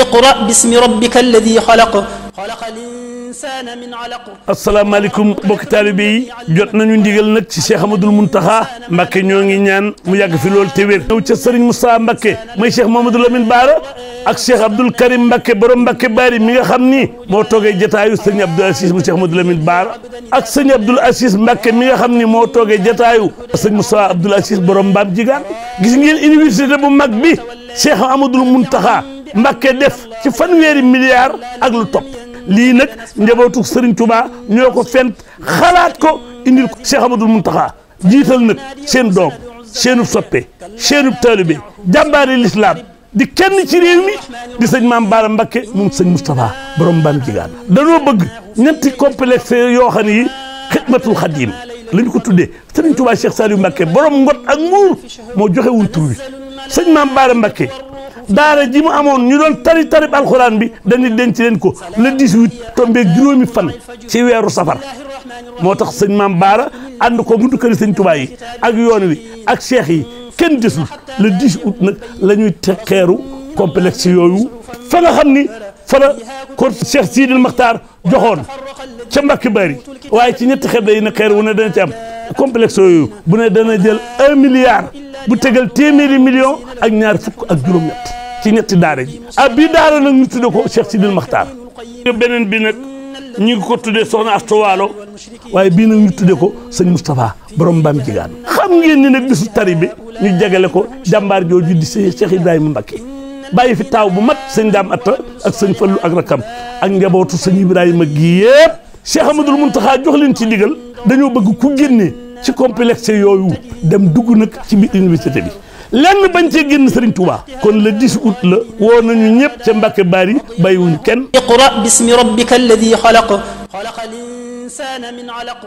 iqra bismi rabbika alladi xalaq xalaqa linsana min alaq asalaamaaleykum mbokki taalibe yi jot nañu ndigal nag ci Cheikh Amadou Mountakha Mbacké ñoo ngi ñaan mu yàgg fi lool te wér ñëw ca Serigne Moussa Mbacké mooy Cheikh Mamadou Lamine Bara ak Cheikh Abdoul Karim Mbacké borom Mbacké Bari mi nga xam ni moo toogee jataayu Serigne Abdoul Aziz mu Cheikh Mamadou Lamine Bara ak Serigne Abdoul Aziz Mbacké mi nga xam ni moo toogee jataayu Serigne Moussa Abdoul Aziz borom Mbaam Jigaan gis ngeen université bu mag bi Cheikh Amadou Mountakha Mbàkke def ci fan weeri milliards ak lu topp lii nag njabootu sëriñ Touba ñoo ko fent xalaat ko indil ko Cheikh Amadou Mountakha jiital nag seen doom seenub soppe seenub taalibe jàmbaari lislaam di kenn ci réew mi di sëñ Maam Baara Mbàkke moom sëñ Moustapha borom mbaam jigaan danoo bëgg ñetti complexe yoo xam ne yi xidmatul xadim la ñu ko tuddee Serigne Touba Cheikh Saliou Mbàkke borom ngot ak nguur moo joxe wul tur wi sëñ Maam Baara Mbàkke daara ji mu amoon ñu doon tari tarib alxuraan bi dañu denc leen ko le 18 tombé juróomi fan ci weeru safar moo tax sëñ maam Baara ànd ko buntu këri sëñ Tuubaa ak yoon wi ak cheikh yi kenn desul le 10 août nag la ñuy xeeru complexe yooyu fa nga xam ni fa la ko cheikh Sidil Maxtaar joxoon ca Mbàkke Bari waaye ci ñetti xeble yi na xeer wu ne dana ci am complexe bu ne dana jël un milliard. bu tegal téeméeri million ak ñaar fukk ak juróom-ñett ci ñetti daara ji a ah, bii daara na ñu tudde ko Cheikh Sidil Makhtar beneen bi nag ñu ngi ko tuddee soxna Astu Waalo waaye bii nag ñu tudde ko sëñ Moustapha borom mbaam jigaan xam ngeen ni nag bisu tari bi ñu jagale ko jàmbaar jooju di Cheikh Ibrahima Mbacké bàyyi fi taaw bu mat sëñ daam atta ak sëñ fallu ak rakam ak njabootu sëñ Ibrahima gi yëpp Cheikh Amadou Mountakha jox leen ci digal dañoo bëgg ku génnee ci complexe yooyu dem dugg nag ci biir université bi lenn bañ cee génn Serigne Touba kon la 10 août la woo nañu ñëpp ca Mbàkke Bari bàyyiwuñu kenn ko iqra bismi rabbika alladi xalaq xalaqa linsana min alaq